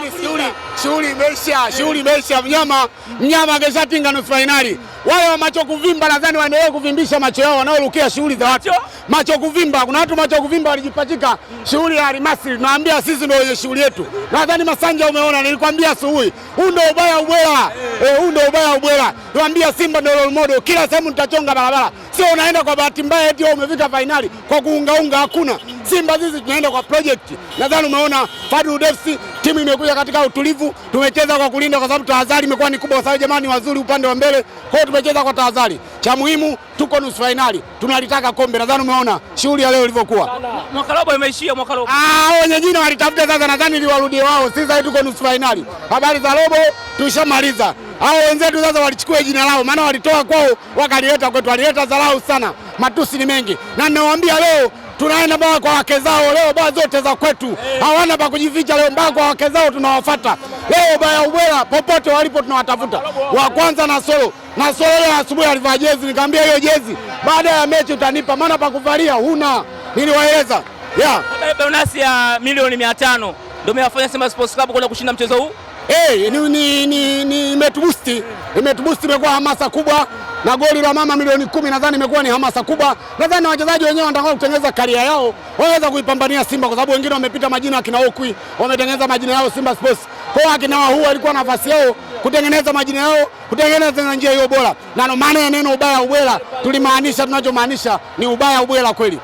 fainali, shughuli shughuli imeisha, shughuli imeisha. Mnyama mnyama angeshatinga nusu fainali. Wale wa macho kuvimba nadhani waendelee kuvimbisha macho yao wanaorukia shughuli za watu. Macho kuvimba, kuna watu macho kuvimba walijipachika shughuli ya Almasi. Naambia sisi ndio wenye shughuli yetu. Nadhani Masanja umeona, nilikwambia asubuhi, huu ndio ubaya ubwela. Eh. eh, huu ndio ubaya ubwela. Niambia Simba ndio role model. Kila sehemu nitachonga barabara. Sio unaenda kwa bahati mbaya eti wewe umefika fainali kwa kuungaunga, hakuna Simba zizi tunaenda kwa project. Nadhani umeona Fadlu Davids, timu imekuja katika utulivu, tumecheza kwa kulinda kwa sababu tahadhari imekuwa ni kubwa sababu Jamani, wazuri upande wa mbele, kwa hiyo tumecheza kwa tahadhari. Cha muhimu tuko nusu finali, tunalitaka kombe. Nadhani umeona shughuli ya leo ilivyokuwa. Mwaka robo imeishia mwaka robo. Ah, wenye jina walitafuta sasa, nadhani liwarudie wao. Sisi tuko nusu finali, habari za robo tushamaliza. Hao wenzetu sasa walichukua jina lao, maana walitoa kwao wakalileta kwetu, walileta dharau sana, matusi ni mengi, na ninawaambia leo tunaenda baa kwa wake zao leo, baa zote za kwetu eh. hawana pa kujificha leo, baa kwa wake zao tunawafata leo, baa ya ubwela popote walipo tunawatafuta. Wa kwanza na solo na solo, leo asubuhi alivaa jezi, nikamwambia hiyo jezi baada ya mechi utanipa, maana pa kuvalia huna. Niliwaeleza yeah. Bonasi ya milioni mia tano ndio imewafanya Simba Sports Club kwenda kushinda mchezo huu. Hey, eh, ni, ni, ni, ni imetubusti imetubusti, imekuwa hamasa kubwa na goli la mama milioni kumi nadhani imekuwa ni hamasa kubwa. Nadhani na wachezaji wenyewe wanataka kutengeneza karia yao, waweza kuipambania Simba kwa sababu wengine wamepita majina, akina Okwi wametengeneza majina yao Simba Sports. Kwa hiyo akina huu walikuwa na nafasi yao kutengeneza majina yao, kutengeneza na njia hiyo bora, na ndio maana ya neno ubaya ubwela tulimaanisha, tunachomaanisha ni ubaya ubwela kweli.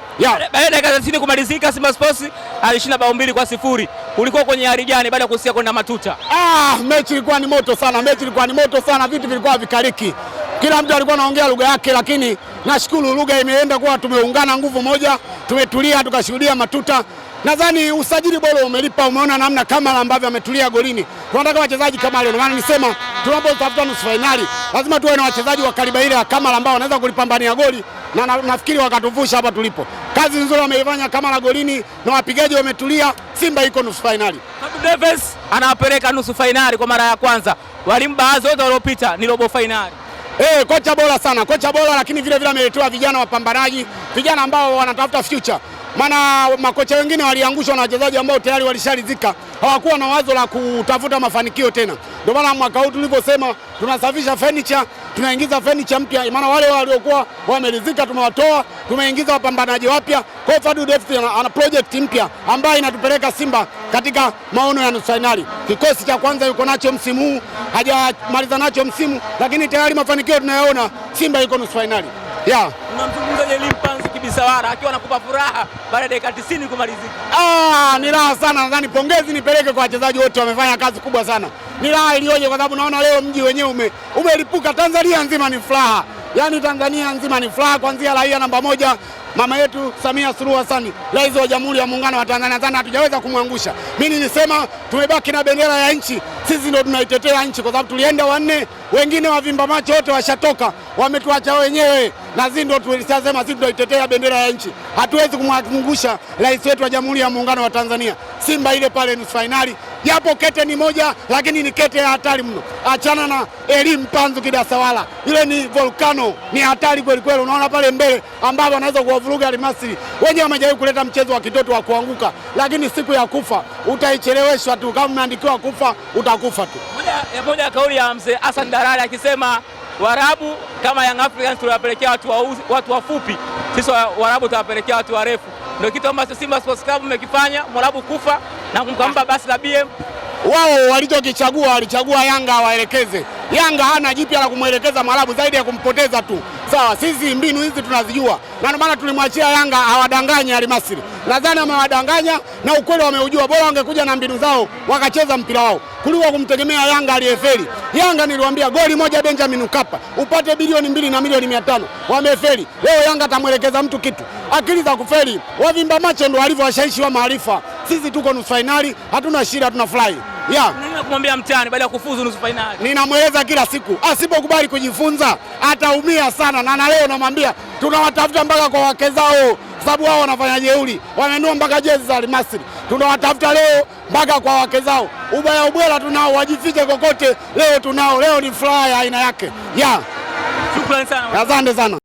Baada ya dakika 30 kumalizika, Simba Sports alishinda bao mbili kwa sifuri. Ulikuwa kwenye hali gani baada ya kusikia kwenda matuta? Ah, mechi ilikuwa ni moto sana, mechi ilikuwa ni moto sana, vitu vilikuwa vikariki kila mtu alikuwa anaongea lugha yake, lakini nashukuru lugha imeenda kuwa tumeungana nguvu moja, tumetulia tukashuhudia matuta. Nadhani usajili bora umelipa, umeona namna kama ambavyo ametulia golini. Tunataka wachezaji kama leo, maana nisema tunapotafuta nusu fainali lazima tuwe na wachezaji wa kaliba ile ya kama ambao wanaweza kulipambania goli na, na nafikiri wakatuvusha hapa tulipo. Kazi nzuri wameifanya kama la golini na wapigaji wametulia. Simba iko nusu fainali. Davis anawapeleka nusu fainali kwa mara ya kwanza, walimbaazi wote waliopita ni robo fainali. Eh, kocha bora sana, kocha bora lakini vile vile ameletewa vijana wapambanaji, vijana ambao wanatafuta future. Maana makocha wengine waliangushwa na wachezaji ambao tayari walisharizika hawakuwa na wazo la kutafuta mafanikio tena. Ndio maana mwaka huu tulivyosema tunasafisha furniture, tunaingiza furniture mpya, maana wale waliokuwa wamelizika tumewatoa, tumeingiza wapambanaji wapya. Kwa hiyo Fadlu Davids ana project mpya ambayo inatupeleka Simba katika maono ya nusu fainali. Kikosi cha kwanza yuko nacho msimu huu, hajamaliza nacho msimu, lakini tayari mafanikio tunayaona. Simba yuko nusu fainali. Yeah. Unamzungumzaje Limpanzi Kibisawara akiwa anakupa furaha baada ya dakika 90 kumalizika? Ah, ni raha sana, nadhani pongezi nipeleke kwa wachezaji wote, wamefanya kazi kubwa sana. Ni raha iliyoje, kwa sababu naona leo mji wenyewe ume umelipuka, Tanzania nzima ni furaha yani Tanzania nzima ni furaha, kuanzia raia namba moja mama yetu Samia Suluhu Hassan, rais wa Jamhuri ya Muungano wa Tanzania. Sana hatujaweza kumwangusha. Mimi nilisema tumebaki na bendera ya nchi, sisi ndio tunaitetea nchi, kwa sababu tulienda wanne, wengine wavimba macho wote washatoka, wametuacha wenyewe, na sisi ndio tulisema sisi tunaitetea bendera ya nchi, hatuwezi kumwangusha rais wetu wa Jamhuri ya Muungano wa Tanzania. Simba ile pale nusu fainali japo kete ni moja, lakini ni kete ya hatari mno. Achana na elimu panzu kidasawala, ile ni volkano, ni hatari kweli kweli. Unaona pale mbele ambapo anaweza kuwavuruga Almasri. Wenyewe wamejaribu kuleta mchezo wa kitoto wa kuanguka, lakini siku ya kufa utaicheleweshwa tu. Kama umeandikiwa kufa, utakufa tu. Moja ya kauli ya mzee Hassan Darara akisema Waarabu kama Young Africans tuliwapelekea watu wafupi, watu sisi Waarabu tutawapelekea watu warefu. Ndio kitu ambacho Simba Sports Club mmekifanya, Mwarabu kufa na kumkampa basi la BM. Wao walichokichagua walichagua Yanga awaelekeze. Yanga hana jipya la kumwelekeza Mwarabu zaidi ya kumpoteza tu. Sawa, sisi mbinu hizi tunazijua, na ndio maana tulimwachia Yanga awadanganye Alimasiri. Nadhani amewadanganya na ukweli wameujua. Bora wangekuja na mbinu zao wakacheza mpira wao kuliko kumtegemea Yanga aliyefeli. Yanga niliwaambia goli moja Benjamin Mkapa upate bilioni mbili na milioni mia tano wamefeli. Leo Yanga atamwelekeza mtu kitu? Akili za kufeli. Wavimba macho ndio walivyowashawishi wa maarifa sisi tuko nusu fainali, hatuna shida, tunafurahi yeah. Kumwambia mtani baada ya kufuzu nusu fainali, ninamweleza kila siku, asipokubali kujifunza ataumia sana, na na leo namwambia tunawatafuta mpaka kwa wake zao, sababu wao wanafanya jeuri, wananua mpaka jezi za Almasri. Tunawatafuta leo mpaka kwa wake zao. Ubaya ubwela tunao, wajifiche kokote, leo tunao. Leo ni furaha ya aina yake yeah. Shukrani sana, asante sana.